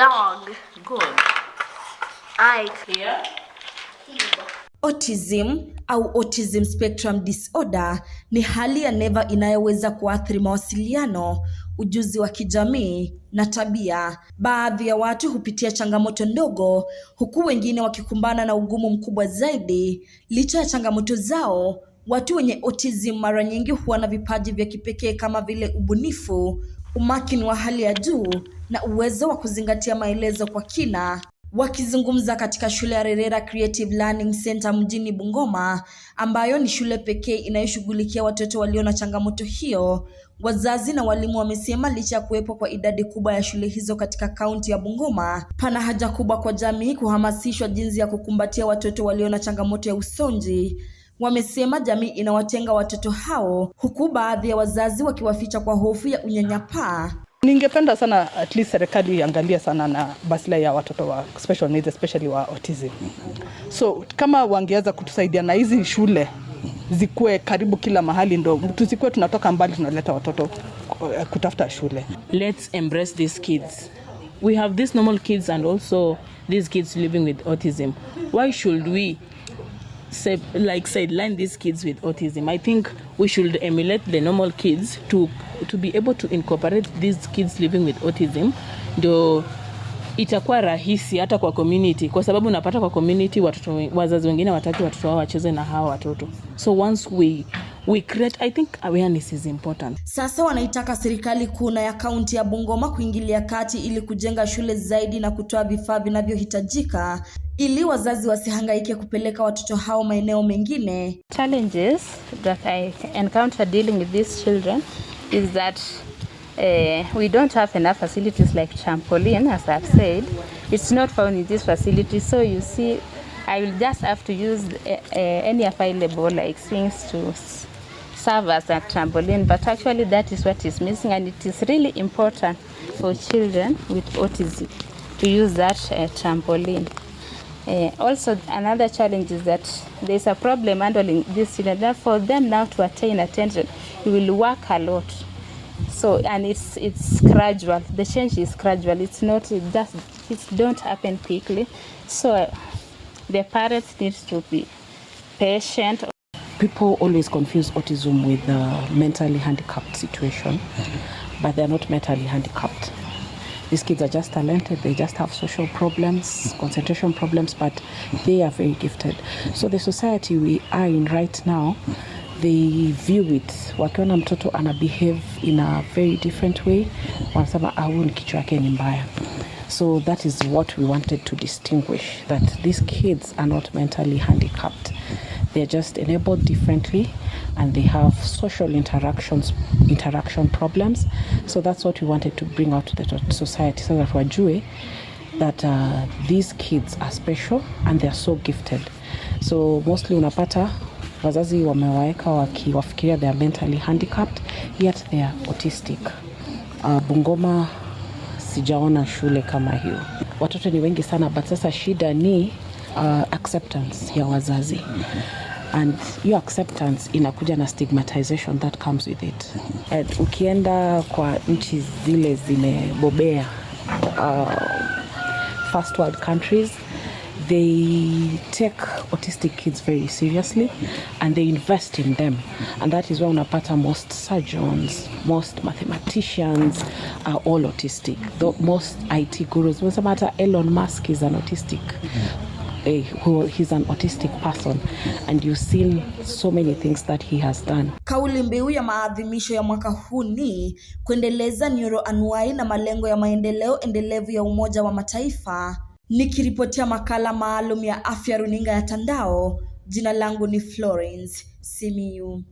dog. Good. I clear. Autism au autism spectrum disorder ni hali ya neva inayoweza kuathiri mawasiliano, ujuzi wa kijamii na tabia. Baadhi ya watu hupitia changamoto ndogo, huku wengine wakikumbana na ugumu mkubwa zaidi. Licha ya changamoto zao, watu wenye autism mara nyingi huwa na vipaji vya kipekee kama vile ubunifu, umakini wa hali ya juu na uwezo wa kuzingatia maelezo kwa kina. Wakizungumza katika shule ya Rerera Creative Learning Center mjini Bungoma, ambayo ni shule pekee inayoshughulikia watoto walio na changamoto hiyo, wazazi na walimu wamesema licha ya kuwepo kwa idadi kubwa ya shule hizo katika kaunti ya Bungoma, pana haja kubwa kwa jamii kuhamasishwa jinsi ya kukumbatia watoto walio na changamoto ya usonji wamesema jamii inawatenga watoto hao, huku baadhi ya wazazi wakiwaficha kwa hofu ya unyanyapaa. Ningependa sana at least serikali iangalie sana na maslahi ya watoto wa special needs especially wa autism. So kama wangeweza kutusaidia na hizi shule zikuwe karibu kila mahali, ndo tusikuwe tunatoka mbali tunaleta watoto kutafuta shule. Let's embrace these kids. We have these normal kids and also these kids living with autism. Why should we like sideline these kids with autism. I think we should emulate the normal kids to to be able to incorporate these kids living with autism ndio itakuwa rahisi hata kwa community, kwa sababu unapata kwa community watoto, wazazi wengine wataki watoto wao wacheze na hawa watoto, so once we we create I think awareness is important. Sasa wanaitaka serikali kuu na ya kaunti ya Bungoma kuingilia kati ili kujenga shule zaidi na kutoa vifaa vinavyohitajika ili wazazi wasihangaike kupeleka watoto hao maeneo mengine. Challenges that I encounter dealing with these children is that Uh, we don't have enough facilities like trampoline as I've said it's not found in this facility so you see I will just have to use uh, uh, any available like to serve as a trampoline, but actually that is what is missing, and it is really important for children with autism to use that uh, trampoline. Uh, also, another challenge is that there is a problem handling this children. For them now to attain attention, you will work a lot. So, and it's it's gradual. The change is gradual. It's not it just it don't happen quickly. So, the parents need to be patient people always confuse autism with a mentally handicapped situation, mm-hmm. but they're not mentally handicapped. These kids are just talented, they just have social problems, mm-hmm. concentration problems, but mm-hmm. they are very gifted. So the society we are in right now, they view it, wakiona mtoto ana behave in a very different way, wanasema au ni kichwa yake ni mbaya. So that is what we wanted to distinguish that these kids are not mentally handicapped. They're just enabled differently and they have social interactions, interaction problems. So that's what we wanted to bring out to the society so that wajue that uh, these kids are special and they are so gifted. So mostly unapata wazazi wamewaeka wakiwafikiria they are mentally handicapped yet they are autistic. Uh, Bungoma sijaona shule kama hiyo. Watoto ni wengi sana but sasa shida ni uh, acceptance ya wazazi and your acceptance inakuja na stigmatization that comes with it and ukienda kwa nchi zile zimebobea uh, first world countries they take autistic kids very seriously and they invest in them and that is why unapata most surgeons most mathematicians are all autistic the most it gurus unasema elon musk is an autistic mm -hmm a, who he's an autistic person and you've seen so many things that he has done. Kauli mbiu ya maadhimisho ya mwaka huu ni kuendeleza nyoro anuai na malengo ya maendeleo endelevu ya Umoja wa Mataifa. Nikiripotia makala maalum ya afya runinga ya Tandao, jina langu ni Florence Simiyu.